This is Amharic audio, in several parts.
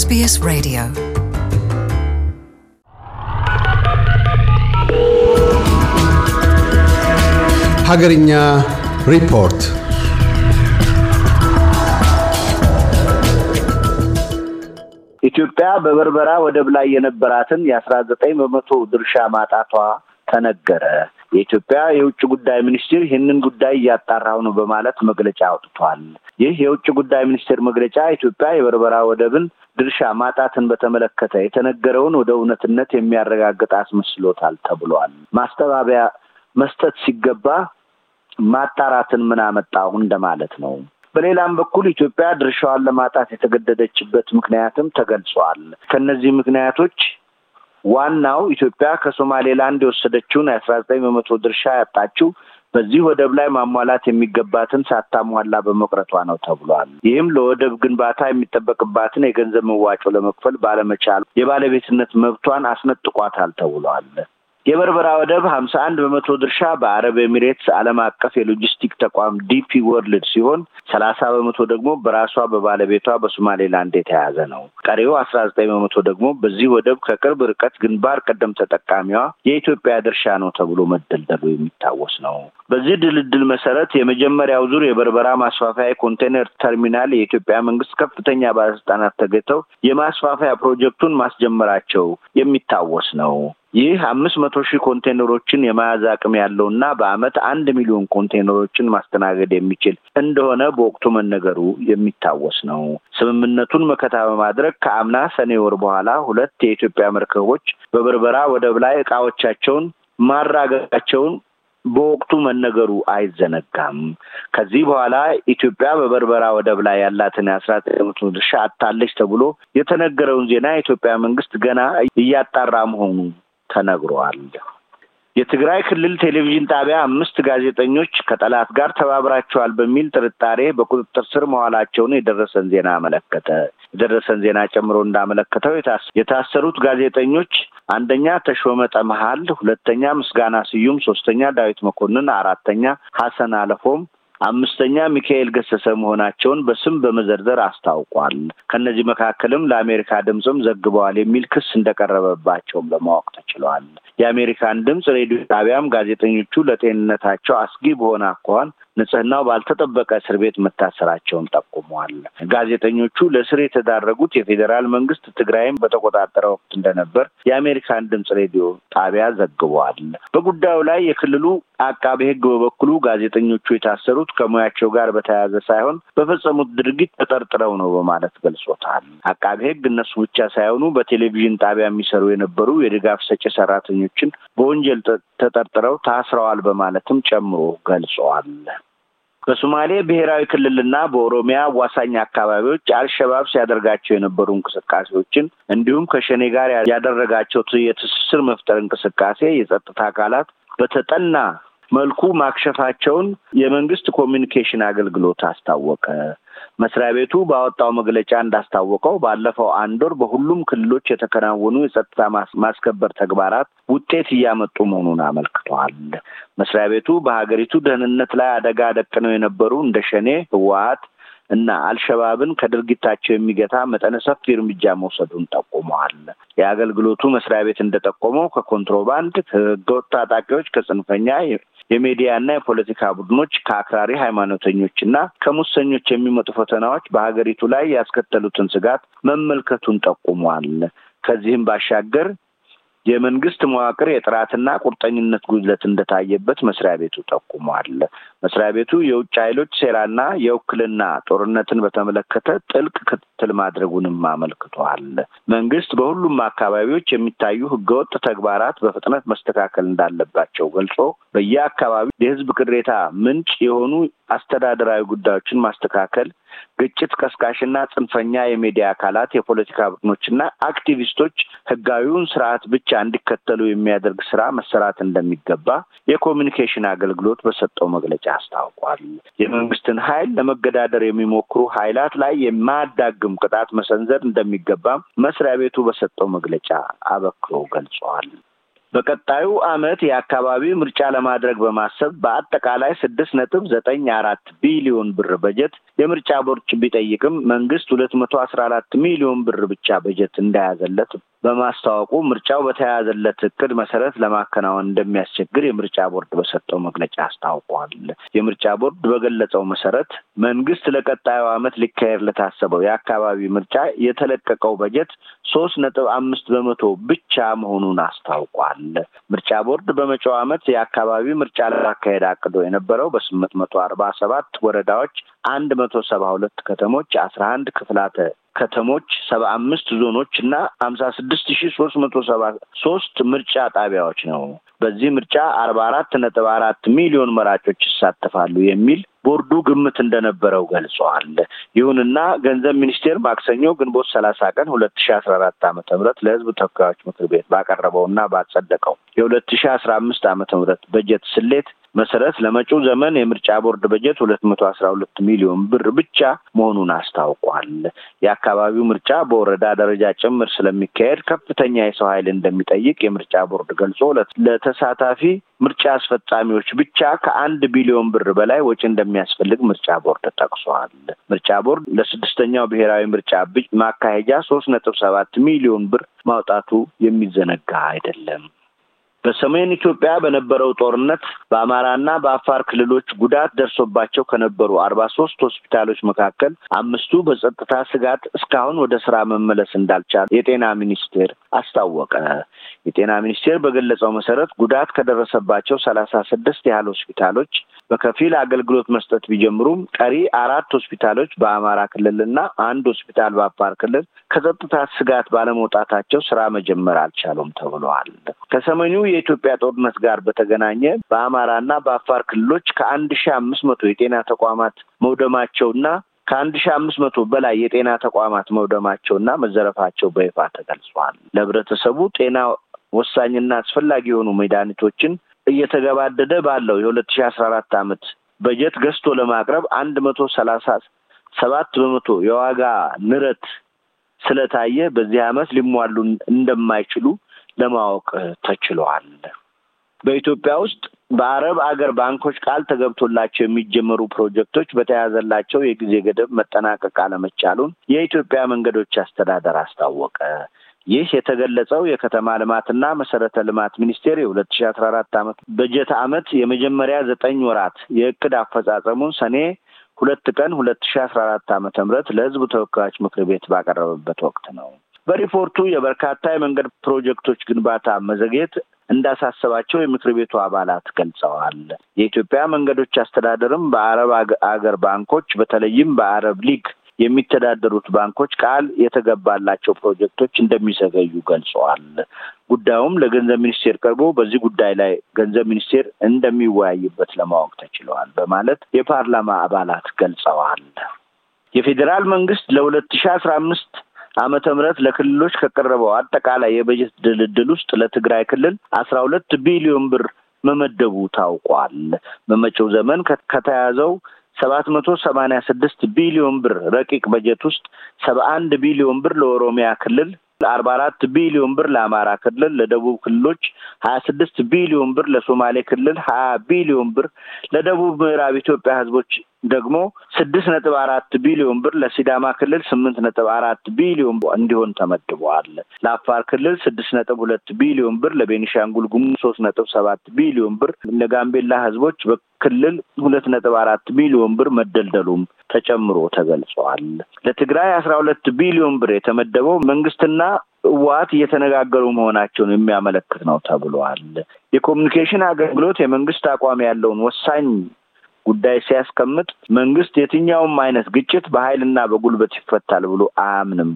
SBS Radio. Hagarinya Report. ኢትዮጵያ በበርበራ ወደብ ላይ የነበራትን የ 1900 ድርሻ ማጣቷ ተነገረ። የኢትዮጵያ የውጭ ጉዳይ ሚኒስቴር ይህንን ጉዳይ እያጣራው ነው በማለት መግለጫ አውጥቷል። ይህ የውጭ ጉዳይ ሚኒስቴር መግለጫ ኢትዮጵያ የበርበራ ወደብን ድርሻ ማጣትን በተመለከተ የተነገረውን ወደ እውነትነት የሚያረጋግጥ አስመስሎታል ተብሏል። ማስተባበያ መስጠት ሲገባ ማጣራትን ምን አመጣው እንደማለት ነው። በሌላም በኩል ኢትዮጵያ ድርሻዋን ለማጣት የተገደደችበት ምክንያትም ተገልጿል። ከእነዚህ ምክንያቶች ዋናው ኢትዮጵያ ከሶማሌላንድ የወሰደችውን የአስራ ዘጠኝ በመቶ ድርሻ ያጣችው በዚህ ወደብ ላይ ማሟላት የሚገባትን ሳታሟላ በመቅረቷ ነው ተብሏል። ይህም ለወደብ ግንባታ የሚጠበቅባትን የገንዘብ መዋጮ ለመክፈል ባለመቻል የባለቤትነት መብቷን አስነጥቋታል ተብሏል። የበርበራ ወደብ ሀምሳ አንድ በመቶ ድርሻ በአረብ ኤሚሬትስ ዓለም አቀፍ የሎጂስቲክ ተቋም ዲፒ ወርልድ ሲሆን ሰላሳ በመቶ ደግሞ በራሷ በባለቤቷ በሶማሌላንድ የተያዘ ነው። ቀሪው አስራ ዘጠኝ በመቶ ደግሞ በዚህ ወደብ ከቅርብ ርቀት ግንባር ቀደም ተጠቃሚዋ የኢትዮጵያ ድርሻ ነው ተብሎ መደልደሉ የሚታወስ ነው። በዚህ ድልድል መሰረት የመጀመሪያው ዙር የበርበራ ማስፋፊያ የኮንቴነር ተርሚናል የኢትዮጵያ መንግስት ከፍተኛ ባለስልጣናት ተገኝተው የማስፋፊያ ፕሮጀክቱን ማስጀመራቸው የሚታወስ ነው። ይህ አምስት መቶ ሺህ ኮንቴነሮችን የመያዝ አቅም ያለው እና በአመት አንድ ሚሊዮን ኮንቴነሮችን ማስተናገድ የሚችል እንደሆነ በወቅቱ መነገሩ የሚታወስ ነው። ስምምነቱን መከታ በማድረግ ከአምና ሰኔ ወር በኋላ ሁለት የኢትዮጵያ መርከቦች በበርበራ ወደብ ላይ እቃዎቻቸውን ማራገጋቸውን በወቅቱ መነገሩ አይዘነጋም። ከዚህ በኋላ ኢትዮጵያ በበርበራ ወደብ ላይ ያላትን የአስራ ዘጠኝ ድርሻ አታለች ተብሎ የተነገረውን ዜና የኢትዮጵያ መንግስት ገና እያጣራ መሆኑ ተነግሯል። የትግራይ ክልል ቴሌቪዥን ጣቢያ አምስት ጋዜጠኞች ከጠላት ጋር ተባብራቸዋል በሚል ጥርጣሬ በቁጥጥር ስር መዋላቸውን የደረሰን ዜና አመለከተ። የደረሰን ዜና ጨምሮ እንዳመለከተው የታሰሩት ጋዜጠኞች አንደኛ ተሾመ ጠመሃል፣ ሁለተኛ ምስጋና ስዩም፣ ሶስተኛ ዳዊት መኮንን፣ አራተኛ ሀሰን አለፎም፣ አምስተኛ ሚካኤል ገሰሰ መሆናቸውን በስም በመዘርዘር አስታውቋል። ከእነዚህ መካከልም ለአሜሪካ ድምፅም ዘግበዋል የሚል ክስ እንደቀረበባቸውም ለማወቅ ተችሏል። የአሜሪካን ድምፅ ሬዲዮ ጣቢያም ጋዜጠኞቹ ለጤንነታቸው አስጊ በሆነ አኳኋን ንጽህናው ባልተጠበቀ እስር ቤት መታሰራቸውን ጠቁመዋል። ጋዜጠኞቹ ለእስር የተዳረጉት የፌዴራል መንግስት ትግራይም በተቆጣጠረ ወቅት እንደነበር የአሜሪካን ድምፅ ሬዲዮ ጣቢያ ዘግቧል። በጉዳዩ ላይ የክልሉ አቃቤ ሕግ በበኩሉ ጋዜጠኞቹ የታሰሩት ከሙያቸው ጋር በተያያዘ ሳይሆን በፈጸሙት ድርጊት ተጠርጥረው ነው በማለት ገልጾታል። አቃቤ ሕግ እነሱ ብቻ ሳይሆኑ በቴሌቪዥን ጣቢያ የሚሰሩ የነበሩ የድጋፍ ሰጪ ሰራተኞችን በወንጀል ተጠርጥረው ታስረዋል በማለትም ጨምሮ ገልጸዋል። በሶማሌ ብሔራዊ ክልልና በኦሮሚያ አዋሳኝ አካባቢዎች አልሸባብ ሲያደርጋቸው የነበሩ እንቅስቃሴዎችን እንዲሁም ከሸኔ ጋር ያደረጋቸው የትስስር መፍጠር እንቅስቃሴ የጸጥታ አካላት በተጠና መልኩ ማክሸፋቸውን የመንግስት ኮሚኒኬሽን አገልግሎት አስታወቀ። መስሪያ ቤቱ ባወጣው መግለጫ እንዳስታወቀው ባለፈው አንድ ወር በሁሉም ክልሎች የተከናወኑ የጸጥታ ማስከበር ተግባራት ውጤት እያመጡ መሆኑን አመልክተዋል። መስሪያ ቤቱ በሀገሪቱ ደህንነት ላይ አደጋ ደቅነው የነበሩ እንደ ሸኔ፣ ህወሀት እና አልሸባብን ከድርጊታቸው የሚገታ መጠነ ሰፊ እርምጃ መውሰዱን ጠቁመዋል። የአገልግሎቱ መስሪያ ቤት እንደጠቆመው ከኮንትሮባንድ፣ ከህገወጥ ታጣቂዎች፣ ከጽንፈኛ የሚዲያና የፖለቲካ ቡድኖች፣ ከአክራሪ ሃይማኖተኞች እና ከሙሰኞች የሚመጡ ፈተናዎች በሀገሪቱ ላይ ያስከተሉትን ስጋት መመልከቱን ጠቁሟል። ከዚህም ባሻገር የመንግስት መዋቅር የጥራትና ቁርጠኝነት ጉድለት እንደታየበት መስሪያ ቤቱ ጠቁሟል። መስሪያ ቤቱ የውጭ ኃይሎች ሴራና የውክልና ጦርነትን በተመለከተ ጥልቅ ክትትል ማድረጉንም አመልክቷል። መንግስት በሁሉም አካባቢዎች የሚታዩ ህገወጥ ተግባራት በፍጥነት መስተካከል እንዳለባቸው ገልጾ በየአካባቢው የህዝብ ቅሬታ ምንጭ የሆኑ አስተዳደራዊ ጉዳዮችን ማስተካከል ግጭት ቀስቃሽና ጽንፈኛ የሚዲያ አካላት፣ የፖለቲካ ቡድኖችና አክቲቪስቶች ህጋዊውን ስርዓት ብቻ እንዲከተሉ የሚያደርግ ስራ መሰራት እንደሚገባ የኮሚኒኬሽን አገልግሎት በሰጠው መግለጫ አስታውቋል። የመንግስትን ኃይል ለመገዳደር የሚሞክሩ ኃይላት ላይ የማያዳግም ቅጣት መሰንዘር እንደሚገባም መስሪያ ቤቱ በሰጠው መግለጫ አበክሮ ገልጸዋል። በቀጣዩ ዓመት የአካባቢ ምርጫ ለማድረግ በማሰብ በአጠቃላይ ስድስት ነጥብ ዘጠኝ አራት ቢሊዮን ብር በጀት የምርጫ ቦርድ ቢጠይቅም መንግስት ሁለት መቶ አስራ አራት ሚሊዮን ብር ብቻ በጀት እንደያዘለት በማስታወቁ ምርጫው በተያያዘለት እቅድ መሰረት ለማከናወን እንደሚያስቸግር የምርጫ ቦርድ በሰጠው መግለጫ አስታውቋል። የምርጫ ቦርድ በገለጸው መሰረት መንግስት ለቀጣዩ ዓመት ሊካሄድ ለታሰበው የአካባቢ ምርጫ የተለቀቀው በጀት ሶስት ነጥብ አምስት በመቶ ብቻ መሆኑን አስታውቋል። ምርጫ ቦርድ በመጪው ዓመት የአካባቢ ምርጫ ለማካሄድ አቅዶ የነበረው በስምንት መቶ አርባ ሰባት ወረዳዎች አንድ መቶ ሰባ ሁለት ከተሞች አስራ አንድ ክፍላተ ከተሞች ሰባ አምስት ዞኖች እና ሀምሳ ስድስት ሺ ሶስት መቶ ሰባ ሶስት ምርጫ ጣቢያዎች ነው። በዚህ ምርጫ አርባ አራት ነጥብ አራት ሚሊዮን መራጮች ይሳተፋሉ የሚል ቦርዱ ግምት እንደነበረው ገልጸዋል። ይሁንና ገንዘብ ሚኒስቴር ማክሰኞ ግንቦት ሰላሳ ቀን ሁለት ሺ አስራ አራት ዓመተ ምህረት ለህዝብ ተወካዮች ምክር ቤት ባቀረበው እና ባጸደቀው የሁለት ሺ አስራ አምስት ዓመተ ምህረት በጀት ስሌት መሰረት ለመጪው ዘመን የምርጫ ቦርድ በጀት ሁለት መቶ አስራ ሁለት ሚሊዮን ብር ብቻ መሆኑን አስታውቋል። የአካባቢው ምርጫ በወረዳ ደረጃ ጭምር ስለሚካሄድ ከፍተኛ የሰው ኃይል እንደሚጠይቅ የምርጫ ቦርድ ገልጾ ለተሳታፊ ምርጫ አስፈጻሚዎች ብቻ ከአንድ ቢሊዮን ብር በላይ ወጪ እንደሚያስፈልግ ምርጫ ቦርድ ጠቅሷል። ምርጫ ቦርድ ለስድስተኛው ብሔራዊ ምርጫ ማካሄጃ ሶስት ነጥብ ሰባት ሚሊዮን ብር ማውጣቱ የሚዘነጋ አይደለም። በሰሜን ኢትዮጵያ በነበረው ጦርነት በአማራና በአፋር ክልሎች ጉዳት ደርሶባቸው ከነበሩ አርባ ሶስት ሆስፒታሎች መካከል አምስቱ በጸጥታ ስጋት እስካሁን ወደ ስራ መመለስ እንዳልቻሉ የጤና ሚኒስቴር አስታወቀ። የጤና ሚኒስቴር በገለጸው መሰረት ጉዳት ከደረሰባቸው ሰላሳ ስድስት ያህል ሆስፒታሎች በከፊል አገልግሎት መስጠት ቢጀምሩም ቀሪ አራት ሆስፒታሎች በአማራ ክልልና አንድ ሆስፒታል በአፋር ክልል ከጸጥታ ስጋት ባለመውጣታቸው ስራ መጀመር አልቻሉም ተብለዋል። ከሰሜኑ የኢትዮጵያ ጦርነት ጋር በተገናኘ በአማራና በአፋር ክልሎች ከአንድ ሺ አምስት መቶ የጤና ተቋማት መውደማቸውና ከአንድ ሺ አምስት መቶ በላይ የጤና ተቋማት መውደማቸውና መዘረፋቸው በይፋ ተገልጿል። ለህብረተሰቡ ጤና ወሳኝና አስፈላጊ የሆኑ መድኃኒቶችን እየተገባደደ ባለው የሁለት ሺ አስራ አራት ዓመት በጀት ገዝቶ ለማቅረብ አንድ መቶ ሰላሳ ሰባት በመቶ የዋጋ ንረት ስለታየ በዚህ ዓመት ሊሟሉ እንደማይችሉ ለማወቅ ተችሏል። በኢትዮጵያ ውስጥ በአረብ አገር ባንኮች ቃል ተገብቶላቸው የሚጀመሩ ፕሮጀክቶች በተያዘላቸው የጊዜ ገደብ መጠናቀቅ አለመቻሉን የኢትዮጵያ መንገዶች አስተዳደር አስታወቀ። ይህ የተገለጸው የከተማ ልማትና መሰረተ ልማት ሚኒስቴር የሁለት ሺ አስራ አራት አመት በጀት አመት የመጀመሪያ ዘጠኝ ወራት የእቅድ አፈጻጸሙን ሰኔ ሁለት ቀን ሁለት ሺ አስራ አራት አመተ ምህረት ለህዝቡ ተወካዮች ምክር ቤት ባቀረበበት ወቅት ነው። በሪፖርቱ የበርካታ የመንገድ ፕሮጀክቶች ግንባታ መዘግየት እንዳሳሰባቸው የምክር ቤቱ አባላት ገልጸዋል። የኢትዮጵያ መንገዶች አስተዳደርም በአረብ አገር ባንኮች በተለይም በአረብ ሊግ የሚተዳደሩት ባንኮች ቃል የተገባላቸው ፕሮጀክቶች እንደሚዘገዩ ገልጸዋል። ጉዳዩም ለገንዘብ ሚኒስቴር ቀርቦ በዚህ ጉዳይ ላይ ገንዘብ ሚኒስቴር እንደሚወያይበት ለማወቅ ተችለዋል በማለት የፓርላማ አባላት ገልጸዋል። የፌዴራል መንግስት ለሁለት ሺ አስራ አምስት ዓመተ ምህረት ለክልሎች ከቀረበው አጠቃላይ የበጀት ድልድል ውስጥ ለትግራይ ክልል አስራ ሁለት ቢሊዮን ብር መመደቡ ታውቋል። በመጪው ዘመን ከተያዘው ሰባት መቶ ሰማኒያ ስድስት ቢሊዮን ብር ረቂቅ በጀት ውስጥ ሰባ አንድ ቢሊዮን ብር ለኦሮሚያ ክልል አርባ አራት ቢሊዮን ብር ለአማራ ክልል፣ ለደቡብ ክልሎች ሀያ ስድስት ቢሊዮን ብር፣ ለሶማሌ ክልል ሀያ ቢሊዮን ብር፣ ለደቡብ ምዕራብ ኢትዮጵያ ህዝቦች ደግሞ ስድስት ነጥብ አራት ቢሊዮን ብር ለሲዳማ ክልል ስምንት ነጥብ አራት ቢሊዮን እንዲሆን ተመድበዋል። ለአፋር ክልል ስድስት ነጥብ ሁለት ቢሊዮን ብር፣ ለቤኒሻንጉል ጉሙዝ ሶስት ነጥብ ሰባት ቢሊዮን ብር፣ ለጋምቤላ ህዝቦች በክልል ሁለት ነጥብ አራት ቢሊዮን ብር መደልደሉም ተጨምሮ ተገልጿል። ለትግራይ አስራ ሁለት ቢሊዮን ብር የተመደበው መንግስትና ህወሓት እየተነጋገሩ መሆናቸውን የሚያመለክት ነው ተብሏል። የኮሚኒኬሽን አገልግሎት የመንግስት አቋም ያለውን ወሳኝ ጉዳይ ሲያስቀምጥ መንግስት የትኛውም አይነት ግጭት በኃይልና በጉልበት ይፈታል ብሎ አያምንም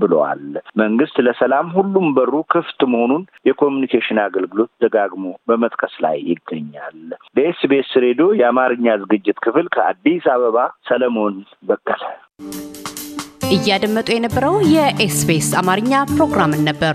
ብለዋል። መንግስት ለሰላም ሁሉም በሩ ክፍት መሆኑን የኮሚኒኬሽን አገልግሎት ደጋግሞ በመጥቀስ ላይ ይገኛል። በኤስቢኤስ ሬዲዮ የአማርኛ ዝግጅት ክፍል ከአዲስ አበባ ሰለሞን በቀለ። እያደመጡ የነበረው የኤስቢኤስ አማርኛ ፕሮግራምን ነበር።